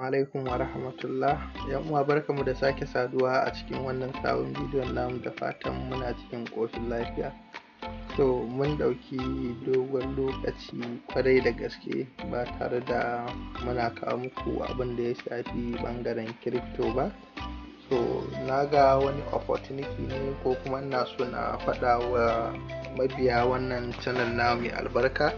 alaikum wa rahmatullah yan uwa mu da sake saduwa a cikin wannan sabon bidiyon namu da fatan muna cikin kofin lafiya to mun ɗauki dogon lokaci kwarai da gaske ba tare da muna kawo muku abin da ya shafi ɓangaren crypto ba to na ga wani opportunity ne ko kuma ina so na faɗa wa mabiya wannan channel na mai albarka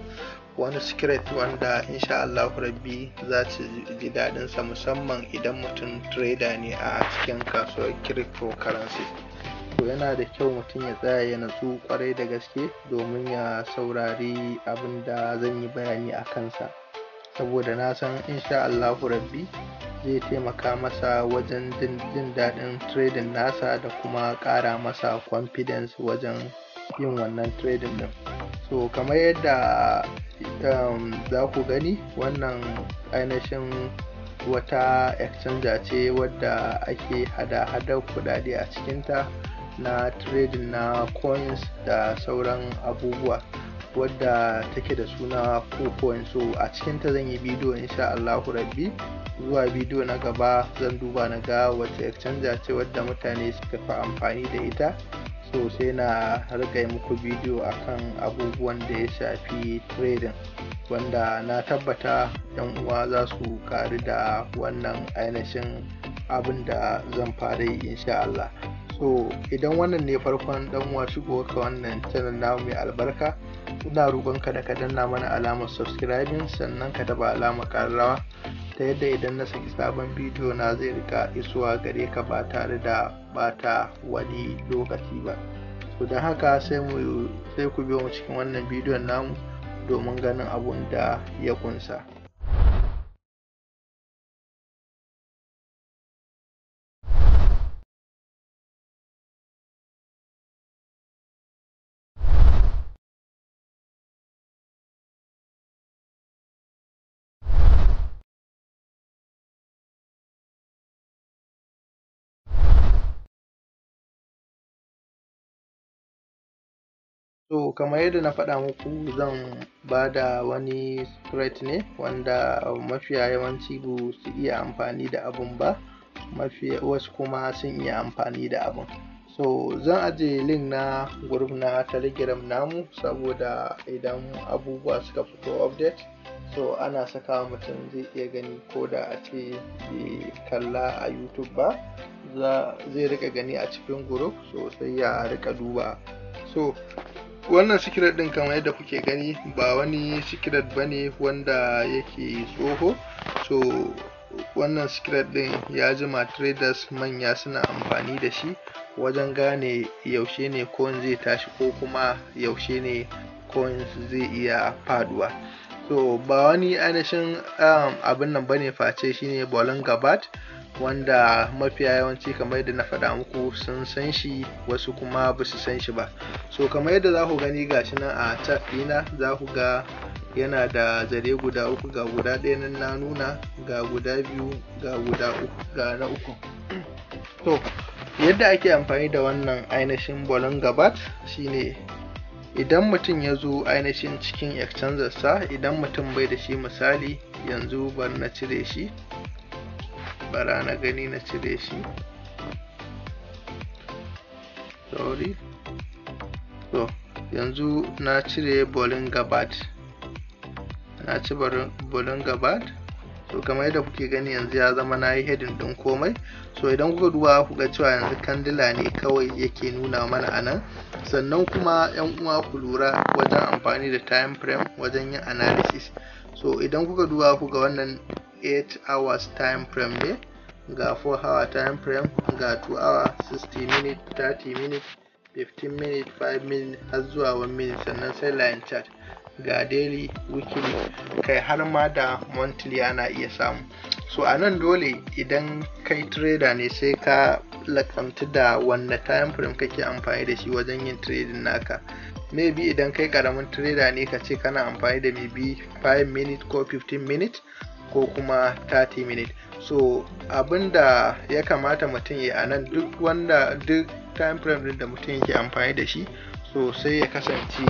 wani secret wanda insha Allah rabbi za ta ji daɗinsa musamman idan mutum trader ne a cikin kasuwar cryptocurrency to yana da kyau mutum ya tsaya ya natsu kwarai da gaske domin ya saurari abin da zan yi bayani a kansa saboda na san insha Allahu rabbi zai taimaka masa wajen jin daɗin trading nasa da kuma ƙara masa confidence wajen yin wannan trading din so kamar yadda um, za ku gani wannan ainihin wata exchanger ce wadda ake hada hada kudade a cikinta na trading na coins da sauran abubuwa wadda take da suna kucoin so a cikinta zan yi bidiyo insha Allahu rabbi zuwa bidiyo na gaba zan duba na ga wace exchanger ce wadda mutane suka fi amfani da ita so sai na rika muku bidiyo akan abubuwan da ya shafi trading wanda na tabbata yan uwa za su kari da wannan ainihin abin da zan fara yi insha Allah so idan wannan ne farkon dan uwa shigo ka wannan channel na mai albarka ina ka da ka danna mana alamar subscribing sannan ka taba alamar ƙararrawa ta yadda idan na saki sabon bidiyo na zai rika isuwa gare ka ba tare da bata wani lokaci ba to don haka sai mu sai ku biyo mu cikin wannan bidiyon namu domin ganin abun da ya kunsa So kamar yadda na faɗa muku zan ba da wani spread ne wanda mafiya yawanci ba su iya amfani da abun ba mafiya wasu kuma sun iya amfani da abun. So zan ajiye link na group na telegram namu saboda idan abubuwa suka fito update so ana saka mutum zai iya gani ko da a ce bai kalla a youtube ba zai rika gani a cikin group sosai sai ya rika duba so wannan sikiret ɗin kamar yadda kuke gani ba wani sikiret ba ne wanda yake tsoho so wannan sikiret ɗin ya jima traders manya suna amfani da shi wajen gane yaushe ne coin zai tashi ko kuma yaushe ne coin zai iya faduwa so ba wani ainihin um, abin nan bane face shine bolingabat wanda mafiya yawanci kamar yadda na faɗa muku sun san shi wasu kuma ba su san shi ba so kamar yadda za ku gani gashi nan a chat ɗina za ku ga yana da zare guda uku ga guda ɗaya nan na nuna ga guda biyu ga guda uku ga na uku to yadda ake amfani da wannan ainihin bolon gabat shine idan mutum ya zo ainihin cikin exchanger sa idan mutum bai da shi misali yanzu bari na cire shi bara na gani na cire shi sorry to yanzu na cire bolin gabad na ci bolin gabad so kamar yadda kuke gani yanzu ya zama na yi heading ɗin komai so idan kuka duba kuka cewa yanzu kandila ne kawai yake nuna mana a nan sannan kuma yan uwa ku lura wajen amfani da time frame wajen yin analysis so idan kuka duba kuka wannan 8 hours time frame ne ga 4 hour time frame ga 2 hour 60 minute 30 minute 15 minute 5 minute har zuwa 1 minute sannan sai line chart ga daily weekly kai har ma da monthly ana iya samu so a nan dole idan kai trader ne sai ka lakamta da wanda time frame kake amfani da shi wajen yin trading naka maybe idan kai karamin trader ne ka ce kana amfani da maybe 5 minute ko 15 minute ko kuma 30 minutes so abinda ya kamata mutum ya a nan duk wanda duk time frame da mutum yake amfani da shi so sai ya kasance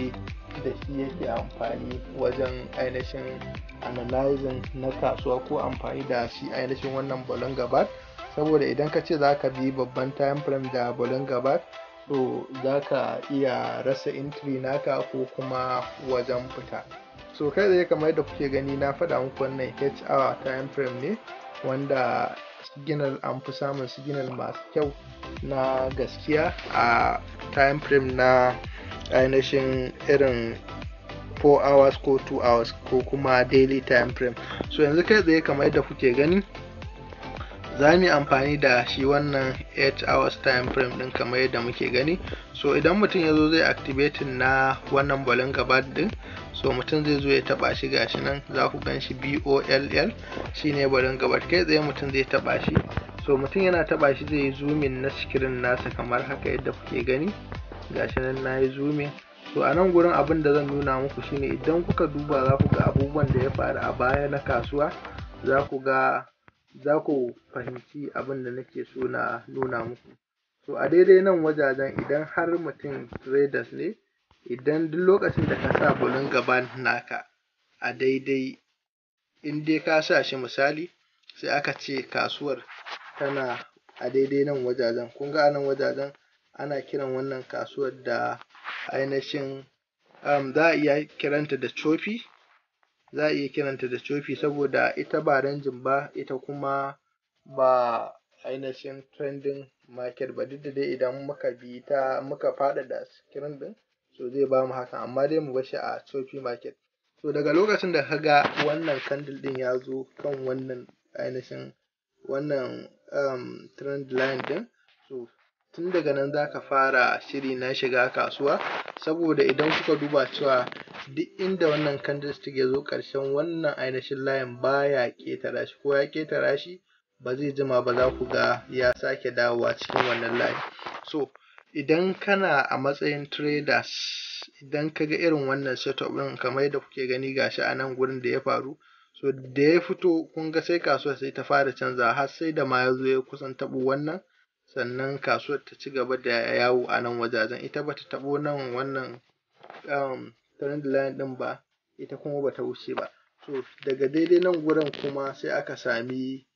da shi yake amfani wajen ainihin analyzing na kasuwa ko amfani da shi ainihin wannan bolon gabat saboda idan ka ce za ka bi babban time frame da bolon gabat so za ka iya rasa entry naka ko kuma wajen fita so kai tsaye kamar yadda kuke gani na faɗa muku wannan h hour time frame ne wanda signal an fi samun signal masu kyau na gaskiya a time frame na ainihin irin 4 hours ko 2 hours ko kuma daily time frame so yanzu kai tsaye kamar yadda kuke gani za mu yi amfani da shi wannan 8 hours time frame din kamar yadda muke gani so idan mutum ya zo zai activating na wannan balon gaba din so mutum zai zo ya taba shi gashi nan za ku gan shi boll shine barin gabar kai tsaye mutum zai taba shi so mutum yana taɓa shi zai yi zoomin na sikirin nasa kamar haka yadda kuke gani gashi nan na yi zoomin so a nan gurin abin da zan nuna muku shine idan kuka duba za ku ga abubuwan da ya faru a baya na kasuwa za ku ga za ku fahimci abin da nake so na nuna muku so a daidai nan wajajen idan har mutum traders ne idan duk lokacin da ka sa bulun gaban naka a daidai in dai ka sa shi misali sai aka ce kasuwar tana a daidai nan wajajen kun ga nan wajajen ana kiran wannan kasuwar da ainihin um, za a iya kiranta da cofi za a iya kiranta da cofi saboda ita ba ranjin ba ita kuma ba ainihin trending market ba duk da dai idan muka bi ta muka faɗaɗa screen ɗin so zai ba mu hakan amma dai mu shi a chopi market to daga lokacin da ka ga wannan candle din ya zo kan wannan ainihin wannan um, trend line din so tun daga nan za ka fara shiri na shiga kasuwa saboda idan kuka duba cewa duk inda wannan candlestick ya zo ƙarshen wannan ainihin layin baya ƙetara shi ko ya ketara shi ba zai jima ba za ku ga ya sake dawowa cikin wannan layin so idan kana a matsayin traders idan ka ga irin wannan setup ɗin kamar yadda kuke gani gashi a nan gurin da ya faru so da ya fito kun ga sai kasuwar sai ta fara canzawa har sai da ma ya zo ya kusan taɓo wannan sannan kasuwar ta ci gaba da yawo a nan wajajen ita bata taɓo nan wannan um, trend line ɗin ba ita kuma bata wuce ba so daga daidai nan gurin kuma sai aka sami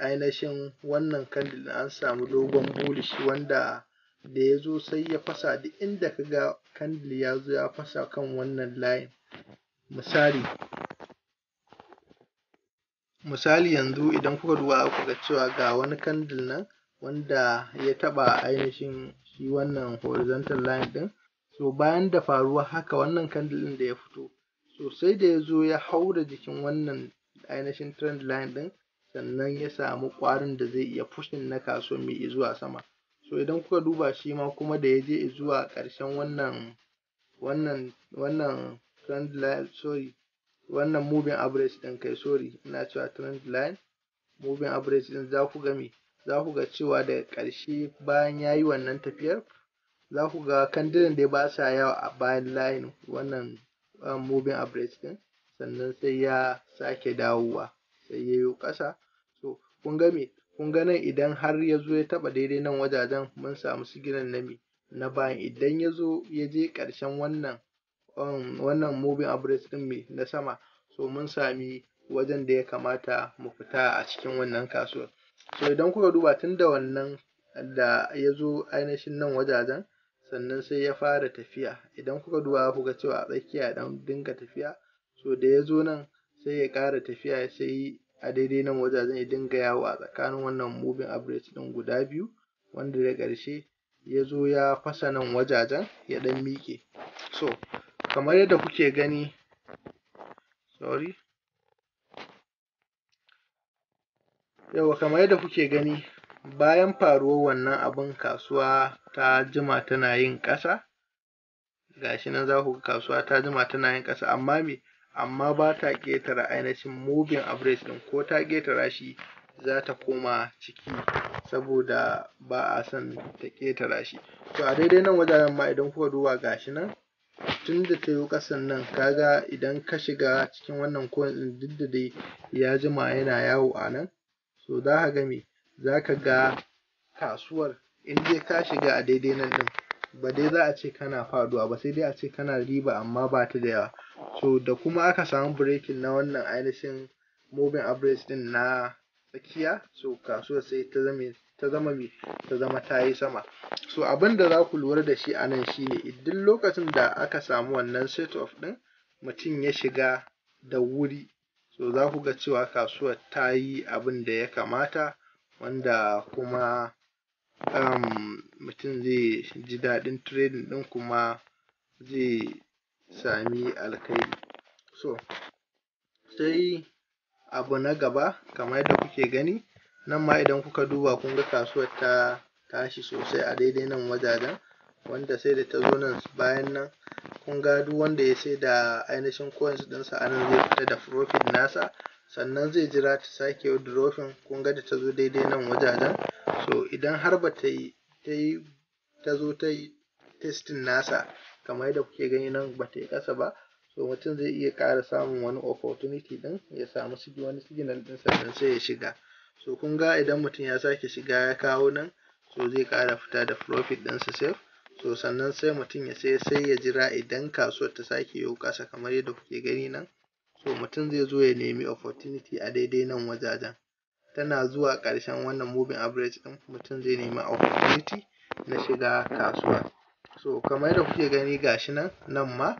ainihin wannan candle an samu dogon bullish wanda da ya zo sai ya fasa duk inda ka ga kandil ya zo ya fasa kan wannan layin misali misali yanzu idan kuka duba ku ga cewa ga wani kandil nan wanda ya taɓa ainihin shi wannan horizontal line ɗin so bayan da faruwa haka wannan kandil ɗin da ya fito so sai da ya zo ya haura jikin wannan ainihin trend line ɗin sannan ya samu ƙwarin da zai iya pushing na kasuwan mai zuwa sama so idan kuka duba shi ma kuma da ya je zuwa ƙarshen wannan wannan wannan trend line sorry wannan moving average ɗin kai sorry ina cewa trend line moving average ɗin za ku ga me za ku ga cewa daga ƙarshe bayan ya yi wannan tafiyar za ku ga kandilan dai ba sa yawa a bayan line wannan um, moving average ɗin sannan sai ya sake dawowa sai ya yo ƙasa so kun ga me kun ga nan idan har ya zo ya taɓa daidai nan wajajen mun samu siginal na mi na bayan idan ya zo ya je ƙarshen wannan um, wannan moving average ɗin mai na sama so mun sami wajen da ya kamata mu fita a cikin wannan kasuwar so idan kuka duba tun da wannan da ya zo ainihin nan wajajen sannan sai ya fara tafiya idan kuka duba ku ga cewa a tsakiya dan dinga tafiya so da ya zo nan sai ya ƙara tafiya sai a daidai nan wajajen ya dinga yawo a tsakanin wannan moving average ɗin guda biyu wanda da ƙarshe ya zo ya fasa nan wajajen ya ɗan miƙe so kamar yadda kuke gani sorry yauwa kamar yadda kuke gani bayan faruwar wannan abun kasuwa ta jima tana yin ƙasa ga shi nan za ku ga kasuwa ta jima tana yin ƙasa amma me amma ba ta ƙetare ainihin moving average ɗin ko ta ƙetare shi za ta koma ciki saboda ba a son ta ƙetare shi to a daidai nan wajen ma idan kuka duba shi nan tun da ta yi ƙasan nan kaga idan ka shiga cikin wannan coin ɗin duk da dai ya jima yana yawo a nan so za ka ga me za ka ga kasuwar in dai ka shiga a daidai nan ɗin ba dai za a ce kana faduwa ba sai dai a ce kana riba amma ba ta da yawa so da kuma aka samu breaking na wannan ainihin moving average din na tsakiya so kasuwar sai ta zama ta ta zama ta yi sama so abin da za ku lura da shi a nan shine idan lokacin da aka samu wannan set of din mutum ya shiga da wuri so za ku ga cewa kasuwar ta yi abin da ya kamata wanda kuma mutum zai ji daɗin trading ɗin kuma zai sami alkhairi. So sai abu na gaba kamar yadda kuke gani nan ma idan kuka duba kun ga kasuwar ta tashi sosai a daidai nan wajajen wanda sai da ta zo nan bayan nan kun ga duk wanda ya da ainihin coins ɗinsa a nan zai fita da profit nasa sannan zai jira ta sake withdrawing kun ga da ta zo daidai nan wajajen so idan har ba ta yi ta yi ta zo ta yi testin nasa kamar yadda kuke gani nan ba ta yi ƙasa ba so mutum zai iya ƙara samun wani opportunity ɗin ya samu wani signal ɗin sannan sai ya shiga so kun ga idan mutum ya sake shiga ya kawo nan so zai ƙara fita da profit ɗinsa safe so sannan sai mutum ya sai sai ya jira idan kasuwar ta sake yo ƙasa kamar yadda kuke gani nan so mutum zai zo ya nemi opportunity a daidai nan wajajen tana zuwa ƙarshen wannan moving average ɗin mutum zai nemi opportunity na shiga kasuwa so kamar yadda kuke gani gashi nan nan ma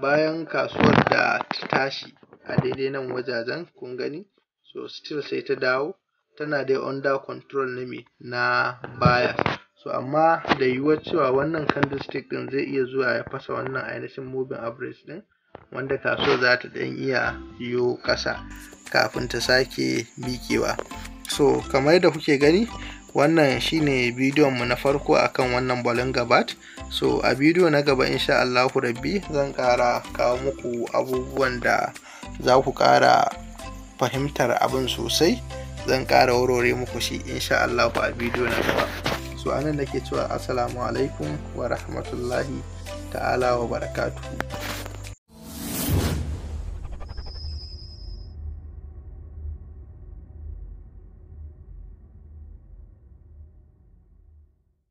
bayan kasuwar da ta tashi a daidai nan wajajen kun gani so still sai ta dawo tana dai under control na me na baya, so amma da yiwuwar cewa wannan candlestick ɗin zai iya zuwa ya fasa wannan ainihin moving average ɗin wanda kasuwar za ta ɗan iya yiwo ƙasa kafin ta sake miƙewa so kamar yadda kuke gani wannan shine bidiyon mu na farko akan wannan balon gabat so a bidiyo na gaba insha Allahu rabbi zan ƙara kawo muku abubuwan da za ku ƙara fahimtar abin sosai zan ƙara warware muku shi insha Allahu a bidiyo na gaba so anan nake cewa assalamu alaikum wa rahmatullahi ta'ala wa barakatuhu